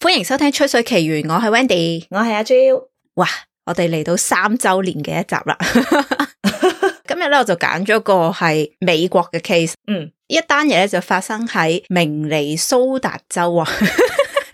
歡迎收聽《吹水奇緣》，我係 Wendy，我係阿 Jo。哇，我哋嚟到三周年嘅一集啦！ 今日咧，我就揀咗個係美國嘅 case。嗯，一單嘢咧就發生喺明尼蘇達州啊。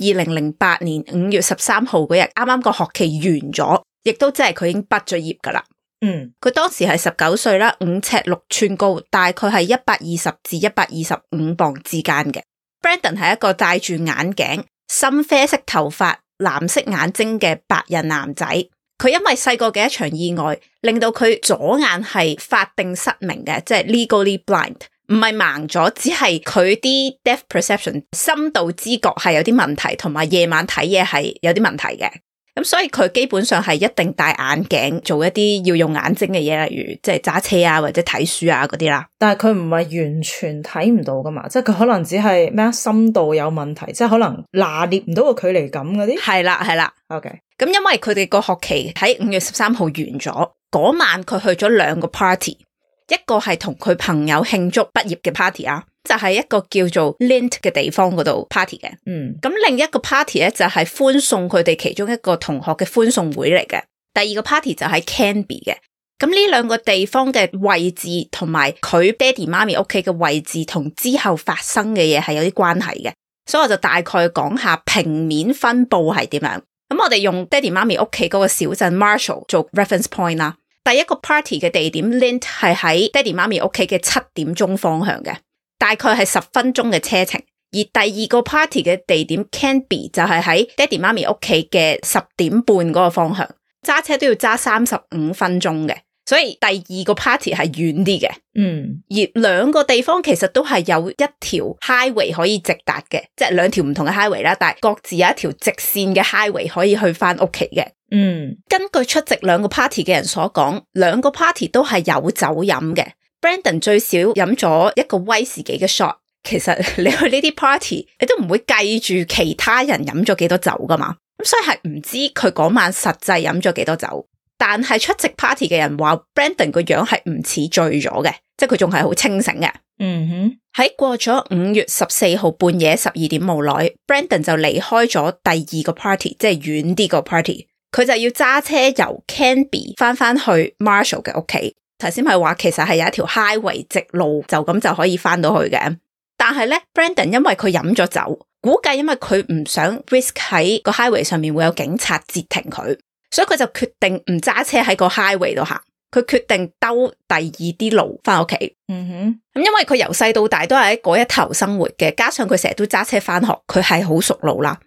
二零零八年五月十三號嗰日，啱啱個學期完咗，亦都即係佢已經畢咗業噶啦。嗯，佢當時係十九歲啦，五尺六寸高，大概係一百二十至一百二十五磅之間嘅。Brandon 係一個戴住眼鏡、深啡色頭髮、藍色眼睛嘅白人男仔。佢因為細個嘅一場意外，令到佢左眼係法定失明嘅，即係 legally blind。唔係盲咗，只係佢啲 depth perception 深度知覺係有啲問題，同埋夜晚睇嘢係有啲問題嘅。咁所以佢基本上係一定戴眼鏡做一啲要用眼睛嘅嘢，例如即係揸車啊，或者睇書啊嗰啲啦。但係佢唔係完全睇唔到噶嘛，即係佢可能只係咩深度有問題，即係可能拿捏唔到個距離感嗰啲。係啦，係啦，OK。咁因為佢哋個學期喺五月十三號完咗，嗰晚佢去咗兩個 party。一個係同佢朋友慶祝畢業嘅 party 啊，就喺、是、一個叫做 Lint 嘅地方嗰度 party 嘅。嗯，咁另一個 party 咧就係歡送佢哋其中一個同學嘅歡送會嚟嘅。第二個 party 就喺 Canby 嘅。咁呢兩個地方嘅位置同埋佢爹哋媽咪屋企嘅位置同之後發生嘅嘢係有啲關係嘅，所以我就大概講下平面分佈係點樣。咁我哋用爹哋媽咪屋企嗰個小鎮 Marshall 做 reference point 啦、啊。第一個 party 嘅地點 Lint 係喺爹哋媽咪屋企嘅七點鐘方向嘅，大概係十分鐘嘅車程；而第二個 party 嘅地點 Canby 就係喺爹哋媽咪屋企嘅十點半嗰個方向，揸車都要揸三十五分鐘嘅，所以第二個 party 係遠啲嘅。嗯，而兩個地方其實都係有一條 highway 可以直達嘅，即係兩條唔同嘅 highway 啦，但係各自有一條直線嘅 highway 可以去翻屋企嘅。嗯、根據出席兩個 party 嘅人所講，兩個 party 都係有酒飲嘅。Brandon 最少飲咗一個威士忌嘅 shot。其實你去呢啲 party，你都唔會記住其他人飲咗幾多酒噶嘛。咁所以係唔知佢嗰晚實際飲咗幾多酒。但係出席 party 嘅人話，Brandon 個樣係唔似醉咗嘅，即係佢仲係好清醒嘅。嗯哼，喺過咗五月十四號半夜十二點冇耐，Brandon 就離開咗第二個 party，即係遠啲個 party。佢就要揸車由 Canby 翻翻去 Marshall 嘅屋企。頭先係話其實係有一條 highway 直路就咁就可以翻到去嘅。但係呢，Brandon 因為佢飲咗酒，估計因為佢唔想 risk 喺個 highway 上面會有警察截停佢，所以佢就決定唔揸車喺個 highway 度行。佢決定兜第二啲路翻屋企。嗯哼、mm，hmm. 因為佢由細到大都係喺嗰一頭生活嘅，加上佢成日都揸車翻學，佢係好熟路啦。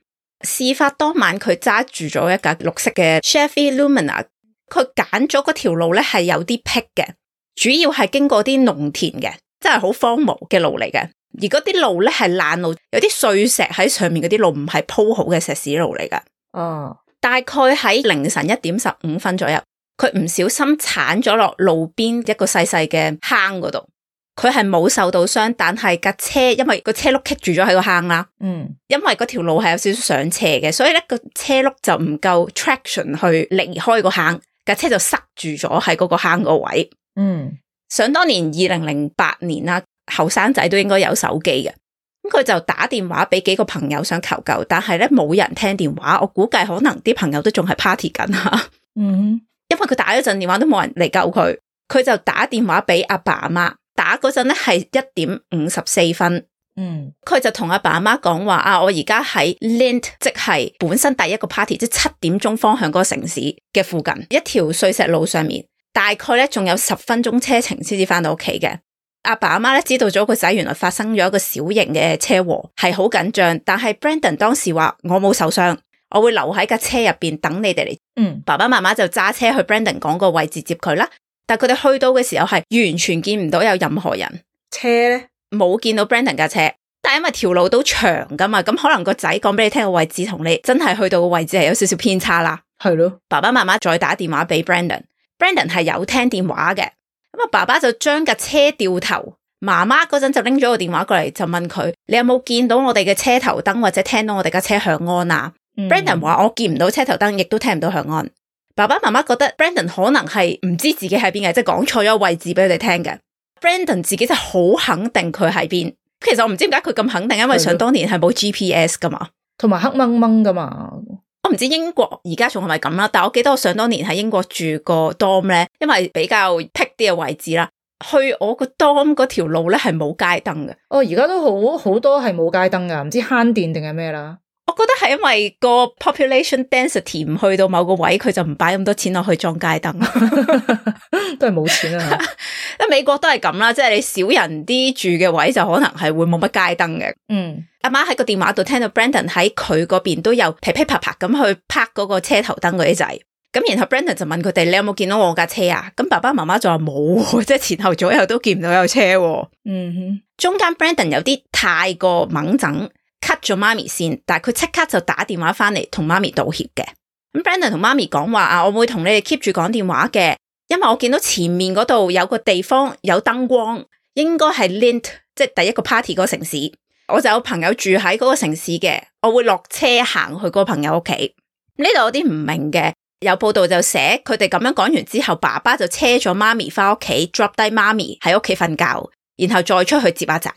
事發當晚，佢揸住咗一架綠色嘅 Chevy Lumina，佢揀咗嗰條路咧係有啲僻嘅，主要係經過啲農田嘅，真係好荒蕪嘅路嚟嘅。而嗰啲路咧係爛路，有啲碎石喺上面，嗰啲路唔係鋪好嘅石屎路嚟噶。哦，oh. 大概喺凌晨一點十五分左右，佢唔小心鏟咗落路邊一個細細嘅坑嗰度。佢係冇受到傷，但係架車因為個車轆棘住咗喺個坑啦。嗯，因為嗰條、嗯、路係有少少上斜嘅，所以咧個車轆就唔夠 traction 去離開個坑，架車就塞住咗喺嗰個坑個位。嗯，想當年二零零八年啦，後生仔都應該有手機嘅，咁佢就打電話俾幾個朋友想求救，但係咧冇人聽電話，我估計可能啲朋友都仲係 party 緊吓。 嗯，因為佢打咗陣電話都冇人嚟救佢，佢就打電話俾阿爸阿媽。打嗰陣咧係一點五十四分，嗯，佢就同阿爸阿媽講話啊，我而家喺 Lant，即係係本身第一個 party，即係七點鐘方向嗰個城市嘅附近，一條碎石路上面，大概咧仲有十分鐘車程先至翻到屋企嘅。阿爸阿媽咧知道咗個仔原來發生咗一個小型嘅車禍，係好緊張。但係 Brandon 當時話，我冇受傷，我會留喺架車入邊等你哋嚟。嗯，爸爸媽媽就揸車去 Brandon 講個位置接佢啦。但佢哋去到嘅時候係完全見唔到有任何人車咧呢，冇見到 Brandon 架車。但係因為條路都長噶嘛，咁可能個仔講俾你聽嘅位置同你真係去到嘅位置係有少少偏差啦。係咯的，爸爸媽媽再打電話俾 Brandon，Brandon 係有聽電話嘅。咁啊，爸爸就將架車掉頭，媽媽嗰陣就拎咗個電話過嚟就問佢：你有冇見到我哋嘅車頭燈或者聽到我哋架車響安啊、嗯、？Brandon 話：我見唔到車頭燈，亦都聽唔到響安。爸爸媽媽覺得 Brandon 可能係唔知自己喺邊嘅，即係講錯咗位置俾佢哋聽嘅。Brandon 自己就好肯定佢喺邊。其實我唔知點解佢咁肯定，因為想當年係冇 GPS 噶嘛，同埋黑掹掹噶嘛。我唔知英國而家仲係咪咁啦。但係我記得我想當年喺英國住個 dorm 咧，因為比較僻啲嘅位置啦。去我個 dorm 嗰條路咧，係冇街燈嘅。哦，而家都好好多係冇街燈噶，唔知慳電定係咩啦。我覺得係因為個 population density 唔去到某個位，佢就唔擺咁多錢落去裝街燈，都係冇錢啊！咁美國都係咁啦，即係你少人啲住嘅位，就可能係會冇乜街燈嘅。嗯，阿媽喺個電話度聽到 Brandon 喺佢嗰邊都有噼噼啪啪咁去拍嗰個車頭燈嗰啲仔，咁然後 Brandon 就問佢哋：你有冇見到我架車啊？咁爸爸媽媽就話冇，即係前後左右都見唔到有車。嗯哼，中間 Brandon 有啲太過猛整。cut 咗媽咪先，但係佢即刻就打電話翻嚟，同媽咪道歉嘅。咁 Brandon 同媽咪講話啊，我會同你哋 keep 住講電話嘅，因為我見到前面嗰度有個地方有燈光，應該係 Lint，即係第一個 party 個城市。我就有朋友住喺嗰個城市嘅，我會落車行去嗰個朋友屋企。呢度有啲唔明嘅，有報道就寫佢哋咁樣講完之後，爸爸就車咗媽咪翻屋企 drop 低媽咪喺屋企瞓覺，然後再出去接阿仔。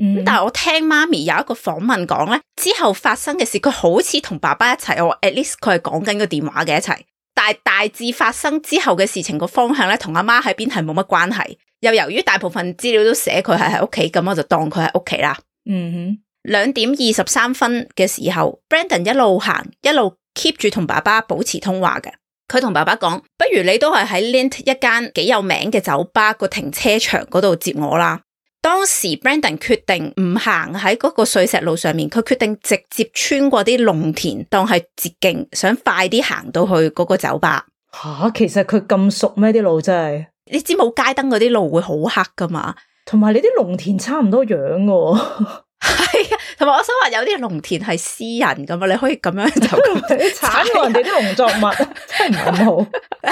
咁、嗯、但係我聽媽咪有一個訪問講咧，之後發生嘅事，佢好似同爸爸一齊，我 at least 佢係講緊個電話嘅一齊，但係大致發生之後嘅事情個方向咧，同阿媽喺邊係冇乜關係。又由於大部分資料都寫佢係喺屋企，咁我就當佢喺屋企啦。嗯哼，兩點二十三分嘅時候，Brandon 一路行一路 keep 住同爸爸保持通話嘅。佢同爸爸講：「不如你都係喺 Lynd 一間幾有名嘅酒吧個停車場嗰度接我啦。當時 Brandon 決定唔行喺嗰個碎石路上面，佢決定直接穿過啲農田當係捷徑，想快啲行到去嗰個酒吧。吓、啊，其實佢咁熟咩啲路真係？你知冇街燈嗰啲路會好黑噶嘛同埋你啲農田差唔多樣哦。 係啊，同埋 我想話有啲農田係私人㗎嘛，你可以咁樣 就你鏟咗人哋啲農作物， 真係唔好。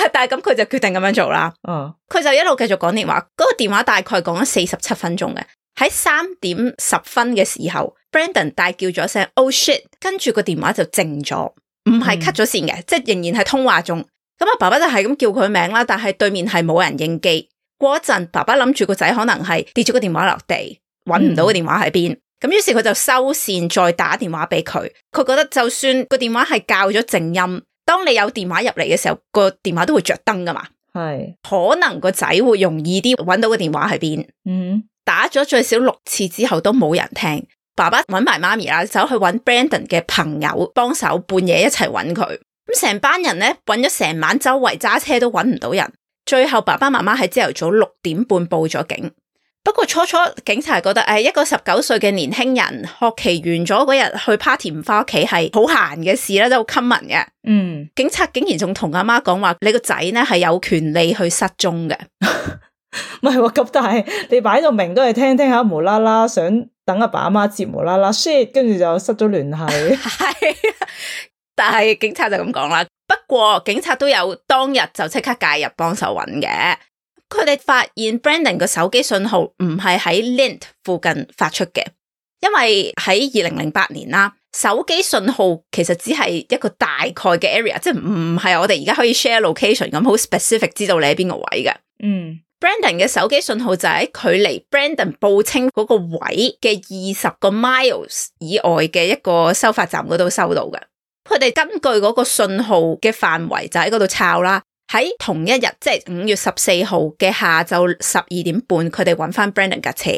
但係咁佢就決定咁樣做啦。嗯、哦，佢就一路繼續講電話。嗰、那個電話大概講咗四十七分鐘嘅。喺三點十分嘅時候，Brandon 大叫咗聲 Oh shit，跟住個電話就靜咗，唔係 cut 咗線嘅，嗯、即係仍然係通話中。咁阿爸爸就係咁叫佢名啦，但係對面係冇人應機。過一陣，爸爸諗住個仔可能係跌咗個電話落地，揾唔到個電話喺邊。嗯咁於是佢就收線，再打電話俾佢。佢覺得就算個電話係校咗靜音，當你有電話入嚟嘅時候，個電話都會着燈噶嘛。係是可能個仔會容易啲搵到個電話喺邊。嗯，打咗最少六次之後都冇人聽。爸爸搵埋媽咪啦，走去搵 Brandon 嘅朋友幫手，幫半夜一齊搵佢。咁成班人咧搵咗成晚，周圍揸車都搵唔到人。最後爸爸媽媽喺朝頭早六點半報咗警。不過初初警察覺得誒，一個十九歲嘅年輕人學期完咗嗰日去 party 唔翻屋企係好閒嘅事咧，都好 common 嘅。嗯，警察竟然仲同阿媽講話，你個仔咧係有權利去失蹤嘅。唔係喎，咁但係你擺到明都係聽聽下，無啦啦想等阿爸阿媽接無啦啦 s 跟住就失咗聯繫。係，但係警察就咁講啦。不過警察都有當日就即刻介入幫手揾嘅。佢哋發現 Brandon 嘅手機信號唔係喺 Lint 附近發出嘅，因為喺二零零八年啦，手機信號其實只係一個大概嘅 area，即係唔係我哋而家可以 share location 咁好 specific 知道你喺邊個位嘅。嗯，Brandon 嘅手機信號就喺距離 Brandon 報稱嗰個位嘅二十個 miles 以外嘅一個收發站嗰度收到嘅。佢哋根據嗰個信號嘅範圍就喺嗰度抄啦。喺同一日，即係五月十四號嘅下晝十二點半，佢哋揾翻 Brandon 架車。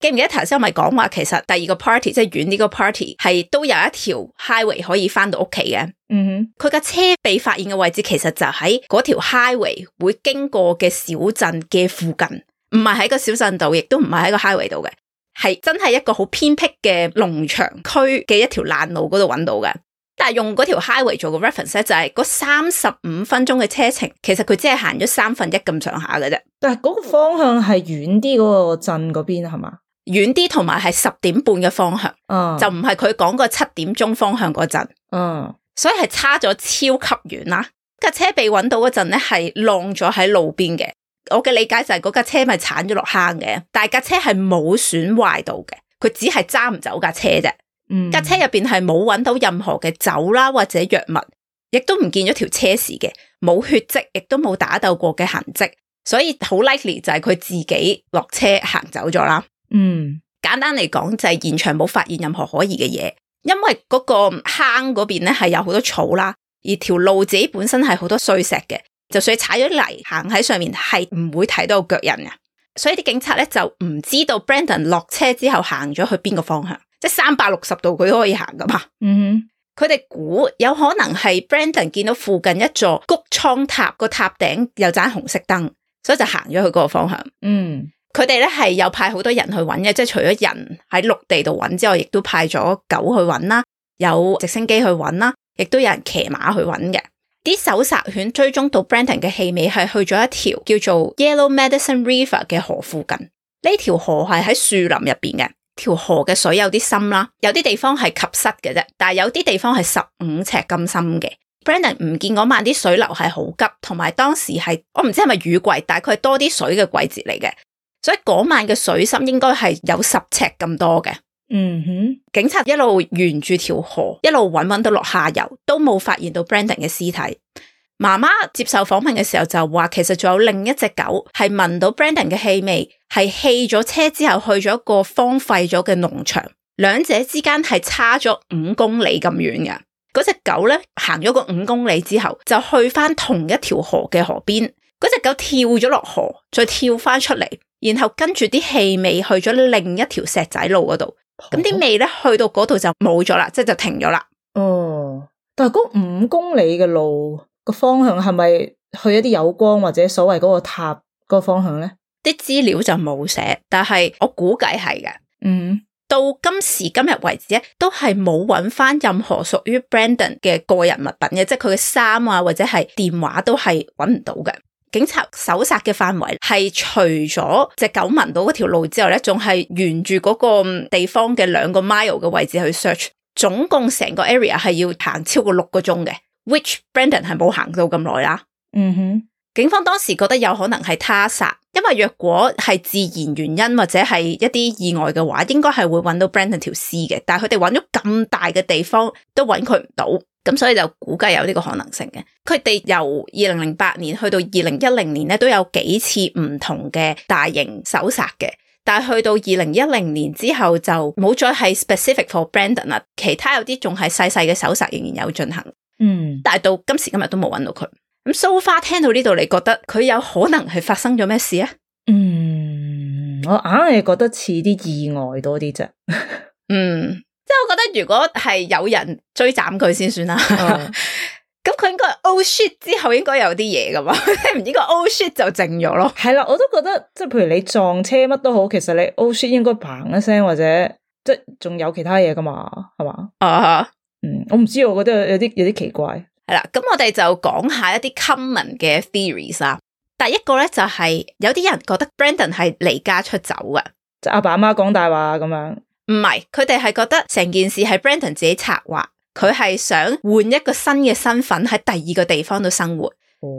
記唔記得頭先我咪講話，其實第二個 party，即係遠呢個 party，係都有一條 highway 可以翻到屋企嘅。嗯哼、mm，佢、hmm. 架車被發現嘅位置，其實就喺嗰條 highway 會經過嘅小鎮嘅附近，唔係喺個小鎮度，亦都唔係喺個 highway 度嘅，係真係一個好偏僻嘅農場區嘅一條爛路嗰度揾到嘅。但係用嗰條 highway 做個 reference 咧，就係嗰三十五分鐘嘅車程，其實佢只係行咗三分一咁上下嘅啫。但係嗰個方向係遠啲嗰個鎮嗰邊係嘛？遠啲，同埋係十點半嘅方向。嗯，uh, 就唔係佢講嗰七點鐘方向嗰陣。嗯，uh, 所以係差咗超級遠啦啊。架車被揾到嗰陣咧，係晾咗喺路邊嘅。我嘅理解就係嗰架車咪鏟咗落坑嘅，但係架車係冇損壞到嘅，佢只係揸唔走架車啫。架、嗯、車入邊係冇揾到任何嘅酒啦，或者藥物，亦都唔見咗條車匙嘅，冇血跡，亦都冇打鬥過嘅痕跡，所以好 likely 就係佢自己落車行走咗啦。嗯，簡單嚟講就係、是、現場冇發現任何可疑嘅嘢，因為嗰個坑嗰邊咧係有好多草啦，而條路自己本身係好多碎石嘅，就算踩咗泥行喺上面係唔會睇到腳印噶，所以啲警察咧就唔知道 Brandon 落車之後行咗去邊個方向。即係三百六十度佢都可以行噶嘛？嗯、mm，佢哋估有可能係 Brandon 見到附近一座穀倉塔個塔頂有盞紅色燈，所以就行咗去嗰個方向。嗯、mm，佢哋咧係又派好多人去揾嘅，即係除咗人喺陸地度揾之外，亦都派咗狗去揾啦，有直升機去揾啦，亦都有人騎馬去揾嘅。啲搜殺犬追蹤到 Brandon 嘅氣味係去咗一條叫做 Yellow Medicine River 嘅河附近，呢條河係喺樹林入邊嘅。條河嘅水有啲深啦，有啲地方係及膝嘅啫，但係有啲地方係十五尺咁深嘅。Brandon 唔見嗰晚啲水流係好急，同埋當時係我唔知係咪雨季，大概多啲水嘅季節嚟嘅，所以嗰晚嘅水深應該係有十尺咁多嘅。嗯哼、mm，hmm. 警察一路沿住條河一路揾揾到落下游，都冇發現到 Brandon 嘅屍體。媽媽接受訪問嘅時候就話，其實仲有另一隻狗係聞到 Brandon 嘅氣味，係棄咗車之後去咗一個荒廢咗嘅農場，兩者之間係差咗五公里咁遠嘅。嗰隻狗咧行咗個五公里之後，就去翻同一條河嘅河邊，嗰隻狗跳咗落河，再跳翻出嚟，然後跟住啲氣味去咗另一條石仔路嗰度。咁啲味咧去到嗰度就冇咗啦，即係就停咗啦。哦，但係嗰五公里嘅路，個方向係咪去一啲有光或者所謂嗰個塔個方向呢？啲資料就冇寫，但係我估計係嘅。嗯，到今時今日為止咧，都係冇揾翻任何屬於 Brandon 嘅個人物品嘅，即係佢嘅衫啊，或者係電話都係揾唔到嘅。警察搜查嘅範圍係除咗隻狗聞到嗰條路之後呢，仲係沿住嗰個地方嘅兩個 mile 嘅位置去 search，總共成個 area 係要行超過六個鐘嘅。Which Brandon 係冇行到咁耐啦。嗯哼，警方當時覺得有可能係他殺，因為若果係自然原因或者係一啲意外嘅話，應該係會揾到 Brandon 條屍嘅。但係佢哋揾咗咁大嘅地方都揾佢唔到，咁所以就估計有呢個可能性嘅。佢哋由二零零八年去到二零一零年咧，都有幾次唔同嘅大型搜查嘅。但係去到二零一零年之後就冇再係 specific for Brandon 啦。其他有啲仲係細細嘅搜查仍然有進行。嗯，但係到今時今日都冇揾到佢。咁 so far 聽到呢度，你覺得佢有可能係發生咗咩事咧？嗯，我硬係覺得似啲意外多啲啫。 嗯，即係我覺得如果係有人追斬佢先算啦。咁 佢 應該 O shit 之後應該有啲嘢噶嘛，唔 應該 O shit 就靜咗咯。係啦，我都覺得即係譬如你撞車乜都好，其實你 O shit 應該嘭一聲或者即係仲有其他嘢噶嘛，係嘛？啊！Uh, 嗯，我唔知，我覺得有啲有啲奇怪。係啦，咁我哋就講下一啲 common 嘅 theories 啊。第一個咧就係、是、有啲人覺得 Brandon 係離家出走嘅，即阿爸阿媽講大話咁樣。唔係，佢哋係覺得成件事係 Brandon 自己策劃，佢係想換一個新嘅身份喺第二個地方度生活。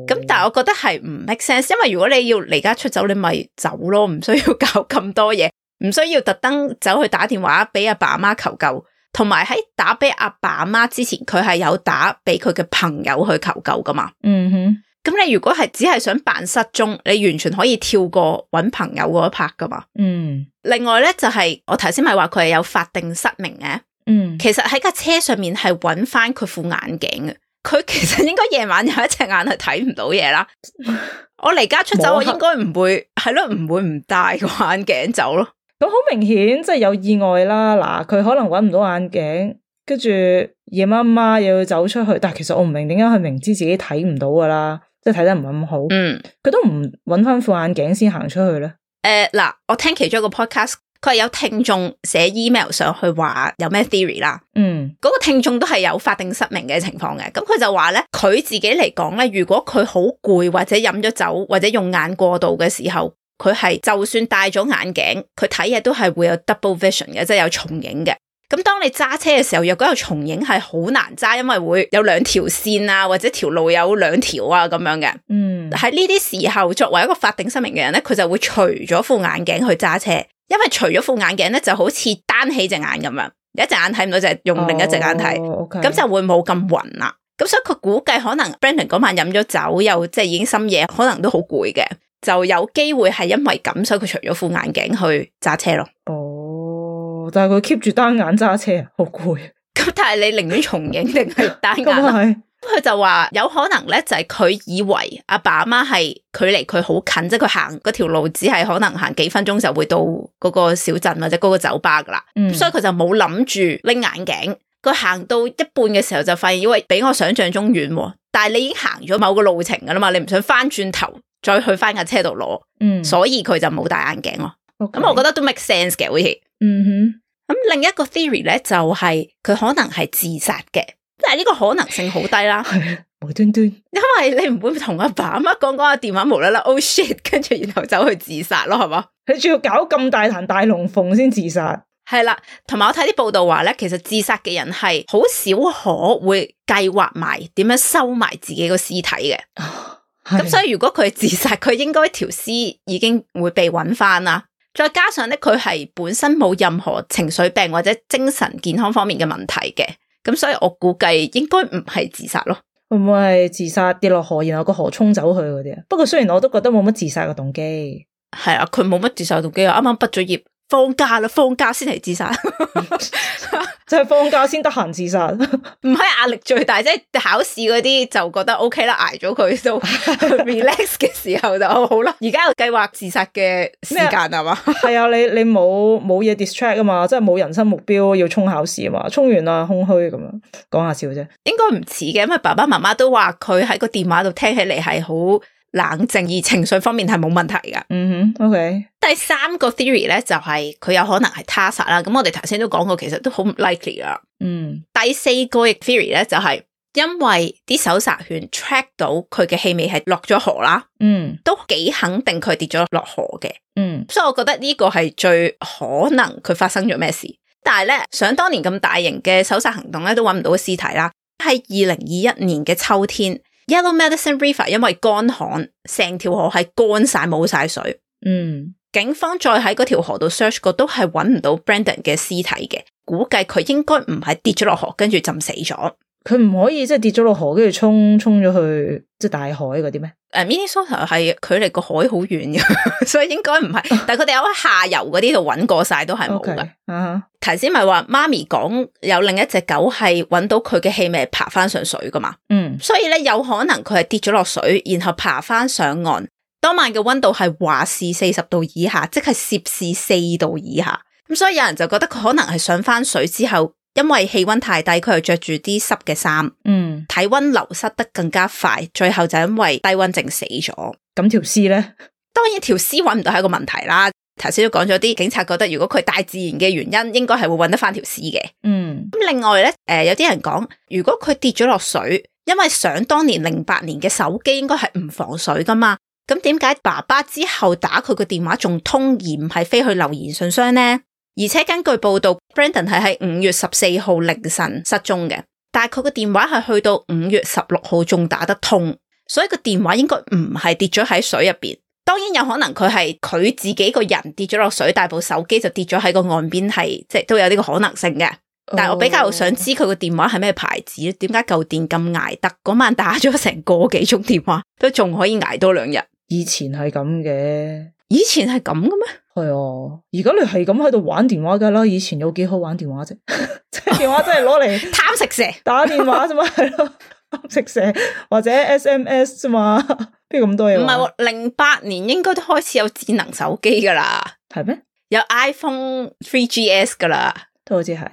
咁、哦、但係我覺得係唔 make sense，因為如果你要離家出走，你咪走咯，唔需要搞咁多嘢，唔需要特登走去打電話俾阿爸阿媽求救。同埋喺打俾阿爸阿媽之前，佢係有打俾佢嘅朋友去求救噶嘛？嗯哼、mm。咁、hmm. 你如果係只係想扮失蹤，你完全可以跳過搵朋友嗰一拍噶嘛？嗯、mm。Hmm. 另外咧就係、是、我頭先咪話佢係有法定失明嘅。嗯、mm。Hmm. 其實喺架車上面係搵翻佢副眼鏡嘅。佢其實應該夜晚有一隻眼係睇唔到嘢啦。 我離家出走，摸黑。我應該唔會係咯，唔會唔戴個眼鏡走咯。咁好明顯，即係有意外啦。嗱，佢可能揾唔到眼鏡，跟住夜媽媽又要走出去。但係其實我唔明點解佢明知自己睇唔到噶啦，即係睇得唔係咁好。嗯，佢都唔揾翻副眼鏡先行出去咧。誒，嗱，我聽其中一個 podcast，佢係有聽眾寫 email 上去話有咩 theory 啦。嗯，嗰個聽眾都係有法定失明嘅情況嘅。咁佢就話咧，佢自己嚟講咧，如果佢好攰或者飲咗酒或者用眼過度嘅時候。佢係就算戴咗眼鏡，佢睇嘢都係會有 double vision 嘅，即係有重影嘅。咁當你揸車嘅時候，若果有重影係好難揸，因為會有兩條線啊，或者條路有兩條啊咁樣嘅。嗯，喺呢啲時候，作為一個法定失明嘅人咧，佢就會除咗副眼鏡去揸車，因為除咗副眼鏡咧，就好似單起隻眼咁樣，一隻眼睇唔到就係、是、用另一隻眼睇，咁、哦 okay、就會冇咁暈啦。咁所以佢估計可能 Brandon 嗰晚飲咗酒，又即係已經深夜，可能都好攰嘅。就有機會係因為咁，所以佢除咗副眼鏡去揸車咯。哦，但係佢 keep 住單眼揸車啊，好攰。咁 但係你寧願重影定係單眼？佢 是就話有可能咧，就係佢以為阿爸阿媽係距離佢好近，即係佢行嗰條路只係可能行幾分鐘就會到嗰個小鎮或者嗰個酒吧噶啦。嗯，所以佢就冇諗住拎眼鏡。佢行到一半嘅時候就發現，因為比我想象中遠。但係你已經行咗某個路程噶啦嘛，你唔想翻轉頭再去翻架車度攞，嗯、所以佢就冇戴眼鏡咯。咁 Okay. 我覺得都 make sense 嘅，好似。嗯哼。咁另一個 theory 咧，就係、是、佢可能係自殺嘅。但係呢個可能性好低啦，無端端。因為你唔會同阿爸阿媽講講個電話，無啦啦，oh shit，跟住然後走去自殺咯，係嘛？佢仲要搞咁大壇大龍鳳先自殺。係啦 ，同埋我睇啲報道話咧，其實自殺嘅人係好少可會計劃埋點樣收埋自己個屍體嘅。咁所以如果佢自殺，佢應該條屍已經會被揾翻啦。再加上咧，佢係本身冇任何情緒病或者精神健康方面嘅問題嘅。咁所以我估計應該唔係自殺咯。會唔會係自殺跌落河，然後個河沖走佢嗰啲啊？不過雖然我都覺得冇乜自殺嘅動機。係啊，佢冇乜自殺嘅動機啊。啱啱畢咗業。放假啦，放假先係自殺， 就係放假先得閒自殺。唔係壓力最大，即係考試嗰啲就覺得 OK 啦，挨咗佢就 relax 嘅時候就好啦。而家 有計劃自殺嘅時間係嘛？係啊，你你冇冇嘢 distract 啊嘛？即係冇人生目標要衝考試啊嘛？衝完啦，空虛咁樣講下笑啫。應該唔似嘅，因為爸爸媽媽都話佢喺個電話度聽起嚟係好。冷靜而情緒方面係冇問題噶。嗯哼、mm hmm.，OK。第三個 theory 咧就係、是、佢有可能係他殺啦。咁我哋頭先都講過，其實都好唔 likely 啊。嗯、mm。Hmm. 第四個 theory 咧就係、是、因為啲搜索犬 track 到佢嘅氣味係落咗河啦。嗯、mm。Hmm. 都幾肯定佢跌咗落河嘅。嗯、mm。Hmm. 所以我覺得呢個係最可能佢發生咗咩事。但係咧，想當年咁大型嘅搜索行動咧，都揾唔到個屍體啦。喺二零二一年嘅秋天。Yellow Medicine River，因為乾旱，成條河係乾晒冇晒水。嗯，mm. 警方再喺嗰條河度 search 過，都係揾唔到 Brandon 嘅屍體嘅。估計佢應該唔係跌咗落河，跟住浸死咗。佢唔可以即係跌咗落河，跟住沖沖咗去即係大海嗰啲咩？誒，Minnesota 係距離個海好遠嘅， 所以應該唔係。 但係佢哋有喺下游嗰啲度揾過晒都係冇嘅。嗯、okay. uh，頭、huh. 先咪話媽咪講有另一隻狗係揾到佢嘅氣味爬翻上水噶嘛？嗯，所以咧有可能佢係跌咗落水，然後爬翻上岸。當晚嘅溫度係華氏四十度以下，即係攝氏四度以下。咁所以有人就覺得佢可能係上翻水之後。因為氣溫太低，佢又着住啲濕嘅衫，嗯，體溫流失得更加快，最後就因為低溫症死咗。咁條屍呢？當然條屍揾唔到係一個問題啦。頭先都講咗啲警察覺得，如果佢大自然嘅原因，應該係會揾得翻條屍嘅。嗯，咁另外呢，誒、呃，有啲人講，如果佢跌咗落水，因為想當年零八年嘅手機應該係唔防水噶嘛，咁點解爸爸之後打佢個電話仲通，而唔係飛去留言信箱呢？而且根據報道，Brandon 係喺五月十四號凌晨失蹤嘅，但係佢個電話係去到五月十六號仲打得通，所以個電話應該唔係跌咗喺水入邊。當然有可能佢係佢自己個人跌咗落水，但部手機就跌咗喺個岸邊，係即係都有呢個可能性嘅。但係我比較想知佢個電話係咩牌子，點解舊電咁捱得？嗰晚打咗成個幾鐘電話，都仲可以捱多兩日。以前係咁嘅。以前係咁嘅咩？係啊，而家你係咁喺度玩電話噶啦。以前有幾好玩電話啫？即 電話真係攞嚟貪食蛇打電話啫嘛，貪、 啊、食蛇或者 S M S 啫嘛、啊，邊有咁多嘢？唔係喎，零八年應該都開始有智能手機噶啦，係咩嗎？有 iPhone 3GS 噶啦，都好似係。誒、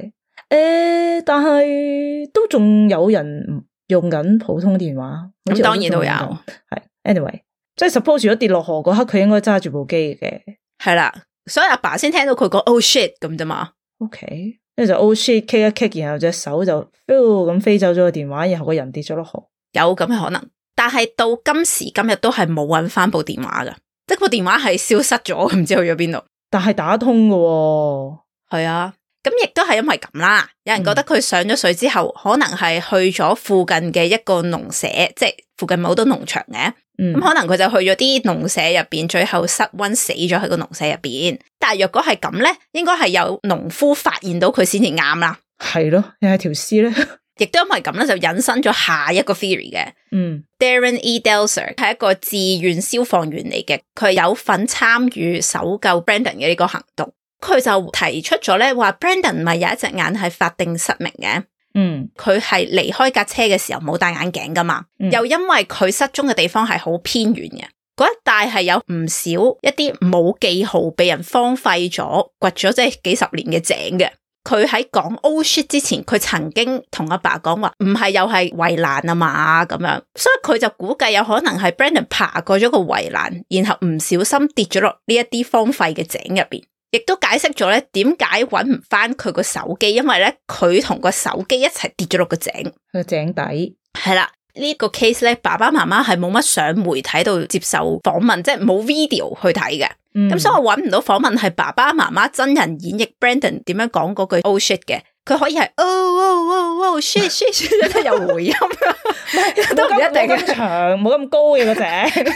欸，但係都仲有人用緊普通電話，咁、嗯、當然都有。係，anyway。即係 suppose 住咗跌落河嗰刻，佢應該揸住部機嘅，係啦，所以阿爸先聽到佢講 oh shit 咁啫嘛。O K，跟住就是、oh shit，kick 一 kick，然後隻手就 feel 咁飛走咗個電話，然後個、哎、人跌咗落河。有咁嘅可能，但係到今時今日都係冇揾翻部電話噶，即係部電話係消失咗，唔知去咗邊度。但係打通嘅、哦，係啊，咁亦都係因為咁啦。有人覺得佢上咗水之後，嗯、可能係去咗附近嘅一個農舍，即係附近冇好多農場嘅。咁、嗯嗯、可能佢就去咗啲農舍入邊，最後失溫死咗喺個農舍入邊。但係若果係咁咧，應該係有農夫發現到佢先至啱啦。係咯，又係條屍咧，亦都因為咁咧就引申咗下一個 theory 嘅。嗯，Darren E. Delcer 係一個志願消防員嚟嘅，佢有份參與搜救 Brandon 嘅呢個行動。佢就提出咗咧，話 Brandon 唔係有一隻眼係法定失明嘅。嗯，佢係離開架車嘅時候冇戴眼鏡噶嘛，嗯、又因為佢失蹤嘅地方係好偏遠嘅，嗰一帶係有唔少一啲冇記號被人荒廢咗掘咗即係幾十年嘅井嘅。佢喺講 o shit 之前，佢曾經同阿爸講話唔係又係圍欄啊嘛咁樣，所以佢就估計有可能係 Brandon 爬過咗個圍欄，然後唔小心跌咗落呢一啲荒廢嘅井入邊。亦都解釋咗咧，點解搵唔翻佢個手機？因為咧，佢同個手機一齊跌咗落個井個井底。係啦，這個、呢個 case 咧，爸爸媽媽係冇乜上媒體度接受訪問，即係冇 video 去睇嘅。咁、嗯、所以我搵唔到訪問係爸爸媽媽真人演繹。Brandon 點樣講嗰句 oh shit 嘅？佢可以係 oh oh oh oh shit shit，, shit 有回音， 都唔一定嘅，冇咁長，冇咁 高嘅個井，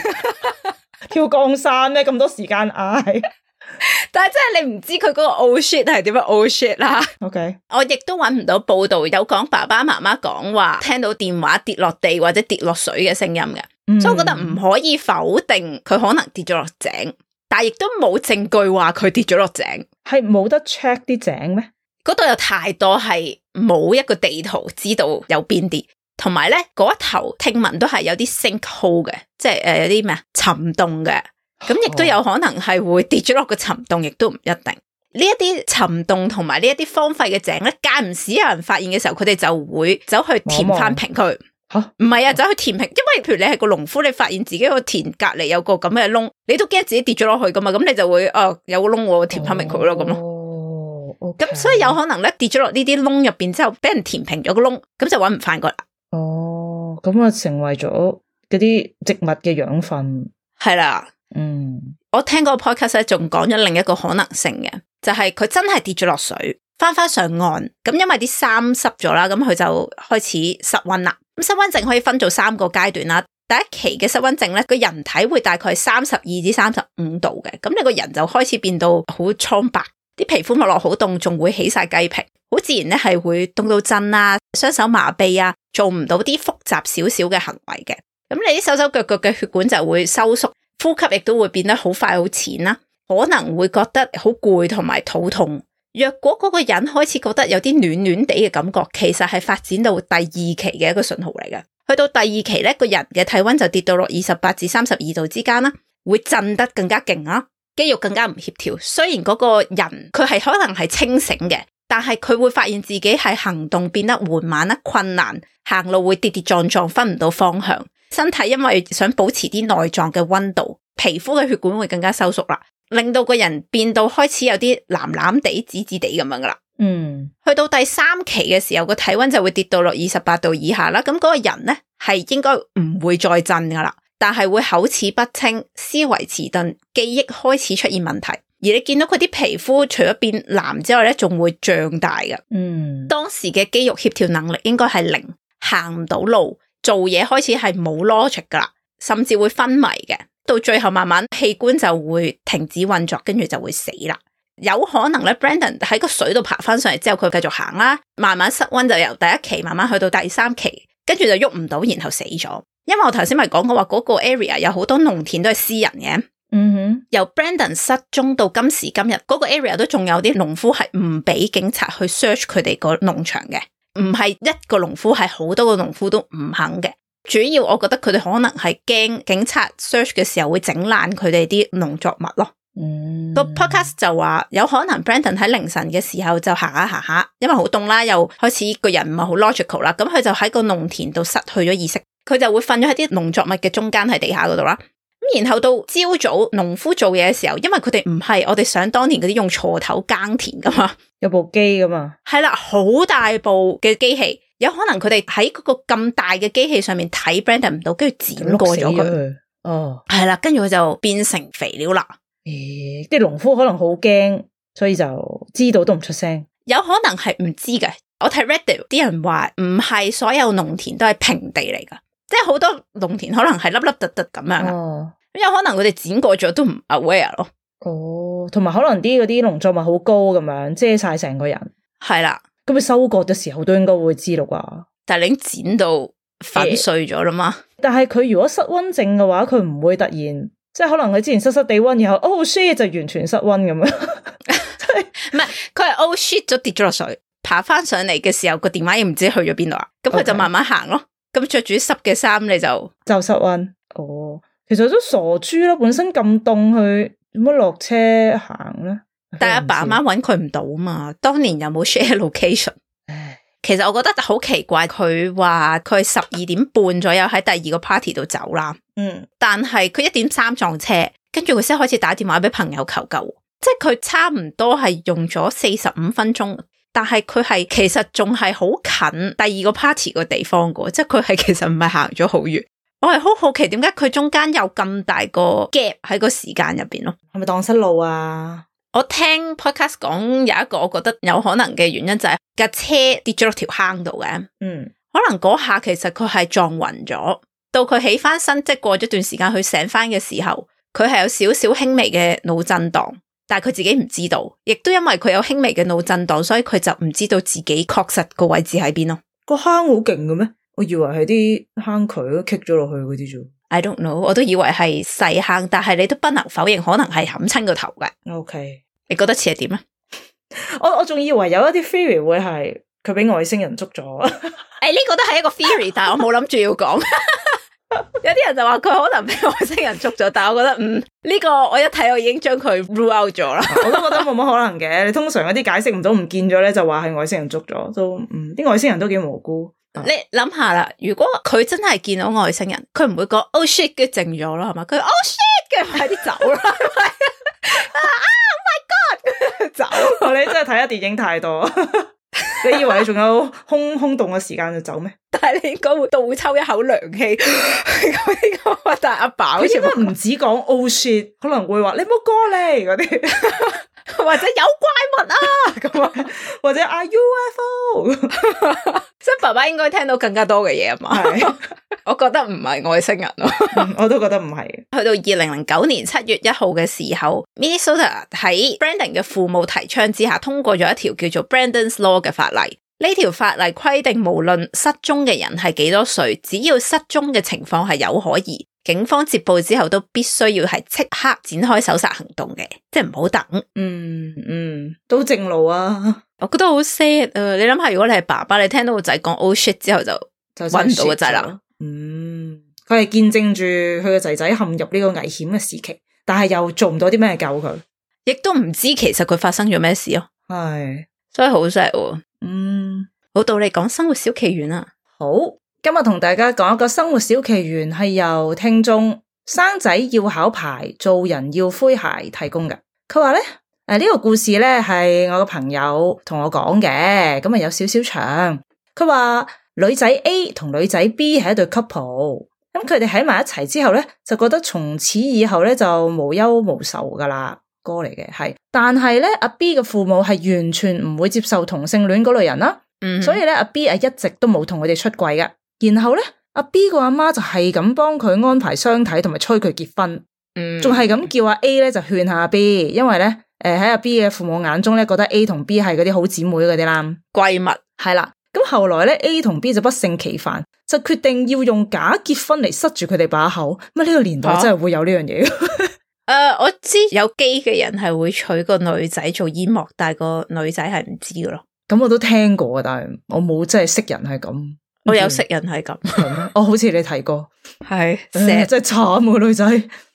跳降山咩？咁多時間嗌。 但係真係你唔知佢嗰個 all shit 係點樣 all shit 啦。 OK，我亦都揾唔到報道有講爸爸媽媽講話聽到電話跌落地或者跌落水嘅聲音嘅，mm. 所以我覺得唔可以否定佢可能跌咗落井，但係亦都冇證據話佢跌咗落井。係冇得 check 啲井咩？嗰度有太多係冇一個地圖知道有邊啲，同埋咧嗰一頭聽聞都係有啲 sink hole 嘅，即係誒有啲咩沉洞嘅。咁亦都有可能係會跌咗落個沉洞，亦都唔一定。呢一啲沉洞同埋呢一啲荒廢嘅井咧，間唔時有人發現嘅時候，佢哋就會走去填翻平佢。吓，唔係啊，走去填平，因為譬如你係個農夫，你發現自己個田隔籬有個咁嘅窿，你都驚自己跌咗落去噶嘛，咁你就會哦、啊、有個窿喎、啊、填翻平佢咯，咁咯。哦，咁樣 okay. 所以有可能咧跌咗落呢啲窿入邊之後，俾人填平咗個窿，咁就搵唔翻過啦。哦，咁啊，成為咗嗰啲植物嘅養分。係啦。嗯，我聽過個 podcast 咧，仲講咗另一個可能性嘅，就係、是、佢真係跌咗落水，翻翻上岸，咁因為啲衫濕咗啦，咁佢就開始失溫啦。咁失溫症可以分做三個階段啦。第一期嘅失溫症咧，個人體會大概三十二至三十五度嘅，咁你個人就開始變到好蒼白，啲皮膚咪落好凍，仲會起晒雞皮，好自然咧係會凍到震啦，雙手麻痹啊，做唔到啲複雜少少嘅行為嘅，咁你啲手手腳腳嘅血管就會收縮。呼吸亦都會變得好快好淺啦，可能會覺得好攰同埋肚痛。若果嗰個人開始覺得有啲暖暖地嘅感覺，其實係發展到第二期嘅一個信號嚟嘅。去到第二期咧，個人嘅體溫就跌到落二十八至三十二度之間啦，會震得更加勁啊，肌肉更加唔協調。雖然嗰個人佢係可能係清醒嘅，但係佢會發現自己喺行動變得緩慢啦，困難行路會跌跌撞撞，分唔到方向。身體因為想保持啲內臟嘅溫度，皮膚嘅血管會更加收縮啦，令到個人變到開始有啲藍藍地、紫紫地咁樣噶啦。嗯，去到第三期嘅時候，個體溫就會跌到落二十八度以下啦。咁嗰個人咧係應該唔會再震噶啦，但係會口齒不清、思維遲鈍、記憶開始出現問題。而你見到佢啲皮膚除咗變藍之外咧，仲會脹大嘅。嗯，當時嘅肌肉協調能力應該係零，行唔到路。做嘢開始係冇 logic 噶啦，甚至會昏迷嘅，到最後慢慢器官就會停止運作，跟住就會死啦。有可能咧，Brandon 喺個水度爬翻上嚟之後，佢繼續行啦，慢慢失溫就由第一期慢慢去到第三期，跟住就喐唔到，然後死咗。因為我頭先咪講過話，嗰個 area 有好多農田都係私人嘅，嗯哼、mm，hmm. 由 Brandon 失蹤到今時今日，嗰個 area 都仲有啲農夫係唔俾警察去 search 佢哋個農場嘅。唔係一個農夫，係好多個農夫都唔肯嘅。主要我覺得佢哋可能係驚警察 search 嘅時候會整爛佢哋啲農作物咯。個、嗯、podcast 就話有可能 Brandon 喺凌晨嘅時候就行下行下，因為好凍啦，又開始個人唔係好 logical 啦，咁佢就喺個農田度失去咗意識，佢就會瞓咗喺啲農作物嘅中間喺地下嗰度啦。咁然後到朝早農夫做嘢嘅時候，因為佢哋唔係我哋想當年嗰啲用鋤頭耕田噶嘛。有部機噶嘛？係啦，好大部嘅機器，有可能佢哋喺嗰個咁大嘅機器上面睇 Brandon 唔到，跟住剪過咗佢。哦，係啦，跟住佢就變成肥料啦。誒、欸，啲農夫可能好驚，所以就知道都唔出聲。有可能係唔知嘅。我睇 Reddit，啲人話唔係所有農田都係平地嚟噶，即係好多農田可能係凹凹凸凸咁樣啊。哦、有可能佢哋剪過咗都唔 aware 咯。哦，同埋、oh, 可能啲嗰啲農作物好高咁樣遮晒成個人，係啦的。咁佢收割嘅時候都應該會知道啩。但係你剪到粉碎咗啦嘛。但係佢如果失溫症嘅話，佢唔會突然，即係可能佢之前濕濕地溫，然後哦 shit 就完全失溫咁樣。唔 係， 佢係哦 shit 咗跌咗落水，爬翻上嚟嘅時候個電話又唔知去咗邊度啊。咁佢就慢慢行咯。咁着住濕嘅衫，你就就失溫。哦、oh,，其實都傻豬啦，本身咁凍佢。點解落車行咧？但係阿爸阿媽揾佢唔到啊嘛，當年又冇 share location。其實我覺得好奇怪，佢話佢係十二點半左右喺第二個 party 度走啦。嗯，但係佢一點三撞車，跟住佢先開始打電話俾朋友求救。即係佢差唔多係用咗四十五分鐘，但係佢係其實仲係好近第二個 party 個地方噶，即係佢係其實唔係行咗好遠。我係好好奇，點解佢中間有咁大個 gap 喺個時間入邊咯？係咪蕩失路啊？我聽 podcast 講有一個，我覺得有可能嘅原因就係架車跌咗落條坑度嘅。嗯，可能嗰下其實佢係撞暈咗，到佢起翻身即係過咗一段時間，佢醒翻嘅時候，佢係有少少輕微嘅腦震盪，但係佢自己唔知道。亦都因為佢有輕微嘅腦震盪，所以佢就唔知道自己確實個位置喺邊咯。個坑好勁嘅咩？我以為係啲坑渠都傾咗落去嗰啲啫，I don't know，我都以為係細坑，但係你都不能否認可能係冚親個頭嘅。O Okay . K，你覺得似係點啊？我我仲以為有一啲 theory 會係佢俾外星人捉咗，誒 呢、哎這個都係一個 theory，但係我冇諗住要講。 有啲人就話佢可能俾外星人捉咗，但係我覺得嗯呢、這個我一睇我已經將佢 rule out 咗啦，我都覺得冇乜可能嘅。你通常一啲解釋唔到唔見咗咧，就話係外星人捉咗都嗯，啲外星人都幾無辜。嗯、你諗下啦，如果佢真係見到外星人，佢唔會講 oh shit，嘅靜咗咯，係嘛？佢 oh shit，嘅，快啲走啦，係咪啊？Oh My God， 走！你真係睇咗電影太多， 你以為你仲有空空洞嘅時間就走咩？ 但係你應該會倒抽一口涼氣，呢個 但阿爸，爸好，好似都唔止講 oh shit，可能會話你冇過嚟」嗰啲。 或者有怪物啊，咁啊，或者啊 Are UFO， 即係爸爸應該聽到更加多嘅嘢啊嘛， 我覺得唔係外星人咯、 嗯，我都覺得唔係。去到二零零九年七月一號嘅時候，Minnesota 喺 Brandon 嘅父母提倡之下，通過咗一條叫做 Brandon’s Law 嘅法例。呢條法例規定，無論失蹤嘅人係幾多歲，只要失蹤嘅情況係有可疑，警方接報之後都必須要係即刻展開搜索行動嘅，即係唔好等。嗯嗯，嗯都正路啊！我覺得好 sad 啊！你諗下，如果你係爸爸，你聽到個仔講 oh shit 之後就就揾唔到個仔啦。嗯，佢係見證住佢個仔仔陷入呢個危險嘅時期，但係又做唔到啲咩救佢，亦都唔知其實佢發生咗咩事咯。係唉，所以好 sad。嗯，好道理。講生活小奇緣啊。好，今日同大家講一個生活小奇緣，係由聽眾生仔要考牌、做人要灰鞋提供嘅。佢話咧，誒、啊、呢、呢個故事咧係我個朋友同我講嘅，咁啊有少少長。佢話女仔 A 同女仔 B 係一對 couple，咁佢哋喺埋一齊之後咧，就覺得從此以後咧就無憂無愁噶啦。歌嚟嘅係，但係咧阿 B 嘅父母係完全唔會接受同性戀嗰類人啦、啊，嗯哼，所以咧阿 B 係一直都冇同佢哋出軌嘅。然後咧阿 B 個阿媽就係咁幫佢安排相睇、同埋催佢結婚，嗯，仲係咁叫阿 A 咧就勸下阿 B，因為咧誒喺阿 B 嘅父母眼中咧覺得 A 同 B 係嗰啲好姊妹嗰啲啦，閨蜜係啦。咁後來咧 A 同 B 就不勝其煩，就決定要用假結婚嚟塞住佢哋把口。乜呢個年代真係會有呢樣嘢？啊 誒，uh, 我知有基嘅人係會娶個女仔做煙幕，但係個女仔係唔知㗎咯。咁我都聽過，但係我冇真係識，識人係咁。 我有識人係咁，我好似你睇過，係，成日真係慘個女仔。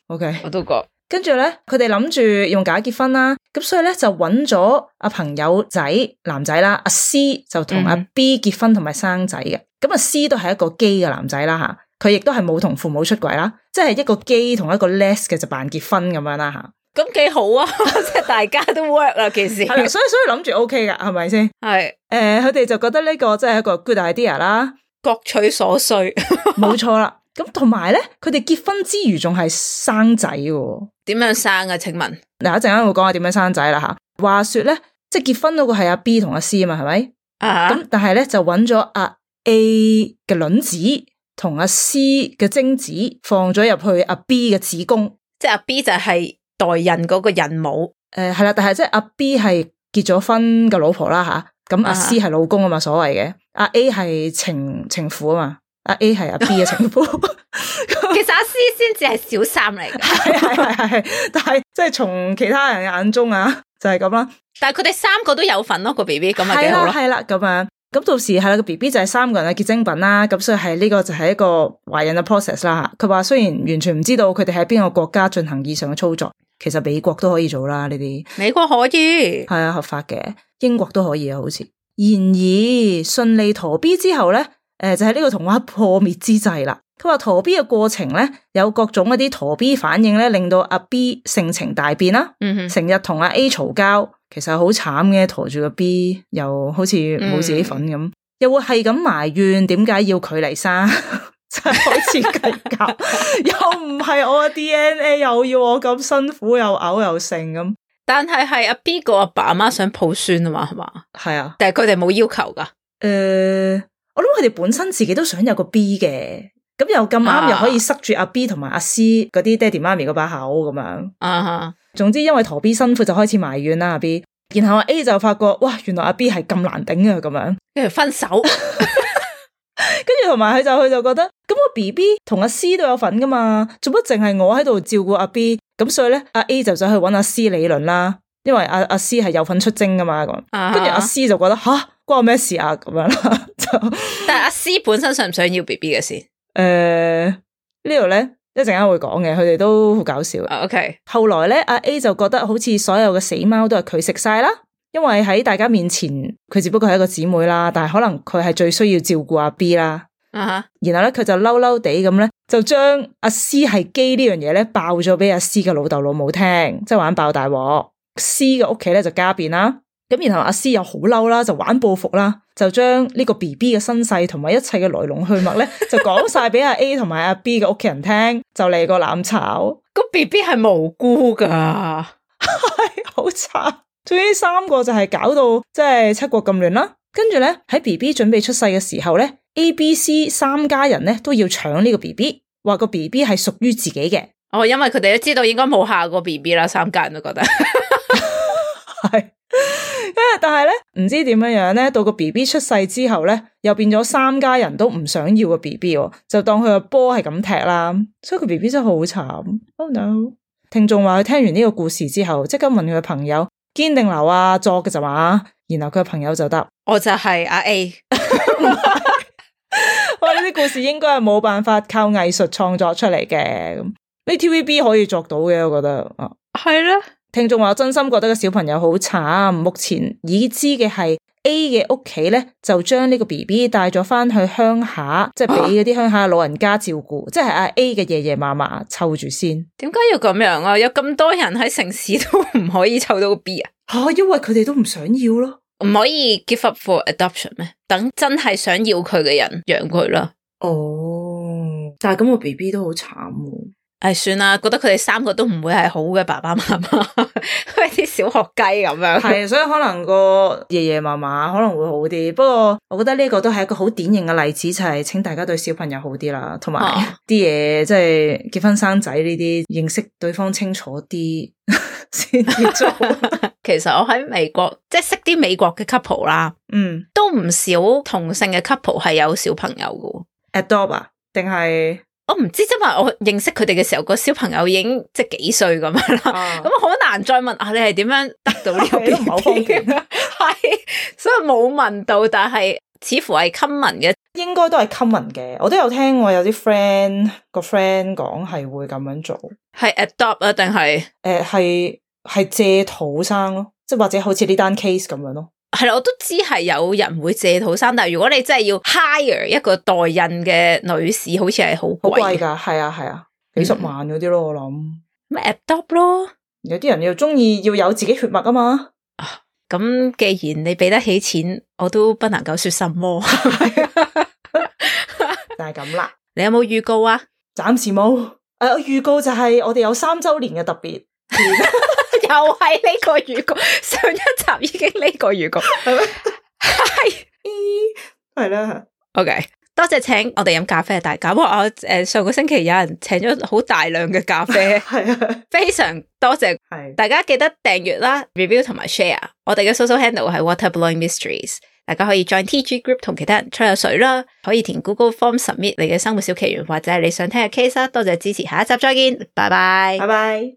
OK，我都覺。跟住咧，佢哋諗住用假結婚啦，咁所以咧就揾咗阿朋友仔男仔啦，阿、啊、C 就同阿、嗯、B 結婚同埋生仔嘅。咁阿 C 都係一個基嘅男仔啦吓。啊佢亦都係冇同父母出軌啦，即係一個基同一個 les 嘅就扮結婚咁樣啦吓，咁幾好啊！即係大家都 work 啦其實，所以所以諗住 OK 噶，係咪先？係誒是，佢哋、呃、就覺得呢個即係一個 good idea 啦，各取所需，冇錯啦。咁同埋咧，佢哋結婚之餘仲係生仔嘅，點樣生啊？請問，嗱一陣間會講下點樣生仔啦吓。話說咧，即係結婚嗰個係阿 B 同阿 C 嘛，係咪？啊咁、uh，huh. 但係咧就揾咗阿 A 嘅卵子。同阿 C 嘅精子放咗入去阿 B 嘅子宮，即係阿 B 就係代孕嗰個人母，誒係啦，但係即係阿 B 係結咗婚嘅老婆啦吓，咁、啊、阿、嗯、C 係老公啊嘛，所謂嘅，阿 A 係情情婦啊嘛，阿 A 係阿 B 嘅情婦， 其實阿 C 先至係小三嚟，嘅。 係係係，但係即係從其他人嘅眼中啊，就係咁啦，但係佢哋三個都有份咯個 B B，咁啊幾好咯，係啦咁樣。咁到時係啦，個 B B 就係三個人嘅結晶品啦。咁所以係呢個就係一個懷孕嘅 process 啦。佢話雖然完全唔知道佢哋喺邊個國家進行以上嘅操作，其實美國都可以做啦。呢啲美國可以，係啊合法嘅。英國都可以啊，好似。然而順利駝 B 之後咧，誒就係、是、呢個童話破滅之際啦。佢話駝 B 嘅過程咧，有各種一啲駝 B 反應咧，令到阿 B 性情大變啦。嗯哼，成日同阿 A 嘈交。其實好慘嘅，馱住個 B，又好似冇自己份咁，嗯、又會係咁埋怨點解要佢嚟生， 就係開始計較， 又唔係我嘅 DNA，又要我咁辛苦，又嘔又剩咁。但係係阿 B 個阿爸阿媽想抱孫啊嘛，係嘛？係啊，但係佢哋冇要求噶。誒、呃，我諗佢哋本身自己都想有個 B 嘅。咁又咁啱，又可以塞住阿 B 同埋阿 C 嗰啲爹地媽咪嗰把口咁樣。啊、uh huh. 總之因為陀 B 辛苦，就開始埋怨啦阿 B。然後阿 A 就發覺，哇，原來阿 B 係咁難頂啊咁樣。跟住分手。跟住同埋佢就佢就覺得，咁個 B B 同阿 C 都有份噶嘛，做乜淨係我喺度照顧阿 B？咁所以咧，阿 A 就走去揾阿 C 理論啦。因為阿、啊、阿、啊啊啊、C 係有份出征噶嘛。咁跟住阿 C 就覺得吓、啊、關我咩事啊？咁樣啦。但係阿、啊、C 本身想唔想要 B B 嘅事？誒、呃、呢度咧一陣間會講嘅，佢哋都好搞笑。OK，後來咧阿 A 就覺得好似所有嘅死貓都係佢食晒啦，因為喺大家面前佢只不過係一個姊妹啦，但係可能佢係最需要照顧阿 B 啦。啊、uh-huh. 然後咧佢就嬲嬲地咁咧，就將阿 C 係基呢樣嘢咧爆咗俾阿 C 嘅老豆老母聽，即係玩爆大鑊。C 嘅屋企咧就加變啦。咁然後阿、啊、C 又好嬲啦，就玩報復啦，就將呢個 B B 嘅身世同埋一切嘅來龍去脈咧， 就講晒俾阿 A 同埋阿 B 嘅屋企人聽，就嚟個攬炒。個 B B 係無辜噶，好 慘。總之三個就係搞到即係七國咁亂啦。跟住咧喺 B B 準備出世嘅時候咧，A B C 三家人咧都要搶呢個 B B，話個 B B 係屬於自己嘅。哦，因為佢哋都知道應該冇下個 B B 啦，三家人都覺得。 係， 但係咧，唔知點樣樣咧，到個 B B 出世之後咧，又變咗三家人都唔想要個 B B，就當佢個波係咁踢啦，所以個 B B 真係好慘。Oh no！聽眾話佢聽完呢個故事之後，即刻問佢朋友，堅定留啊，作嘅就話，然後佢朋友就答，我就係阿 A。 哇！呢啲故事應該係冇辦法靠藝術創作出嚟嘅，咁呢 T V B 可以作到嘅，我覺得啊，係啦。聽眾話：真心覺得個小朋友好慘。目前已知嘅係 A 嘅屋企咧，就將呢個 B B 帶咗翻去鄉下，即係俾嗰啲鄉下老人家照顧，啊、即係阿 A 嘅爺爺嫲嫲湊住先。點解要咁樣啊？有咁多人喺城市都唔可以湊到個 B 啊？吓，因為佢哋都唔想要咯，唔可以 give up for adoption 咩？等真係想要佢嘅人養佢啦。哦，但係咁個 B B 都好慘。誒、哎，算啦，覺得佢哋三個都唔會係好嘅爸爸媽媽，係 啲小學雞咁樣。係，所以可能個爺爺嫲嫲可能會好啲。不過，我覺得呢個都係一個好典型嘅例子，就係、是、請大家對小朋友好啲啦，同埋啲嘢即係結婚生仔呢啲，認識對方清楚啲先至做。 其實我喺美國，即係識啲美國嘅 couple 啦，嗯，都唔少同性嘅 couple 係有小朋友嘅 adopted 定係。我唔知，因為我認識佢哋嘅時候，個小朋友已經即係幾歲咁、啊、樣啦，咁好難再問啊！你係點樣得到呢個唔係好方便啊？ 所以冇問到，但係似乎係 common 嘅，應該都係 common 嘅。我都有聽我有啲 friend 個 friend 講係會咁樣做，係 adopt 啊，定係誒係係借土生咯，即係或者好似呢單 case 咁樣咯。係啦，我都知係有人會借肚生，但係如果你真係要 hire 一個代孕嘅女士，好似係好貴噶，係啊係啊，幾十萬嗰啲咯，我諗咁 app top 咯，嗯、 有啲人又中意要有自己血脈啊嘛，咁、啊、既然你俾得起錢，我都不能夠說什麼， 就係咁啦。你有冇預告啊？暫時冇，誒、呃，我預告就係我哋有三周年嘅特別。 又係呢個預告，上一集已經呢個預告，係咩？係係啦，OK，多謝請我哋飲咖啡嘅大家，不過我誒上個星期有人請咗好大量嘅咖啡，係啊，非常多謝，係大家記得訂閱啦、review 同埋 share，我哋嘅 social handle 係 Water Blowing Mysteries，大家可以 join TG group 同其他人吹下水啦，可以填 Google Form submit 你嘅生活小奇懸或者係你想聽嘅 case 啦，多謝支持，下一集再見，拜拜，拜拜。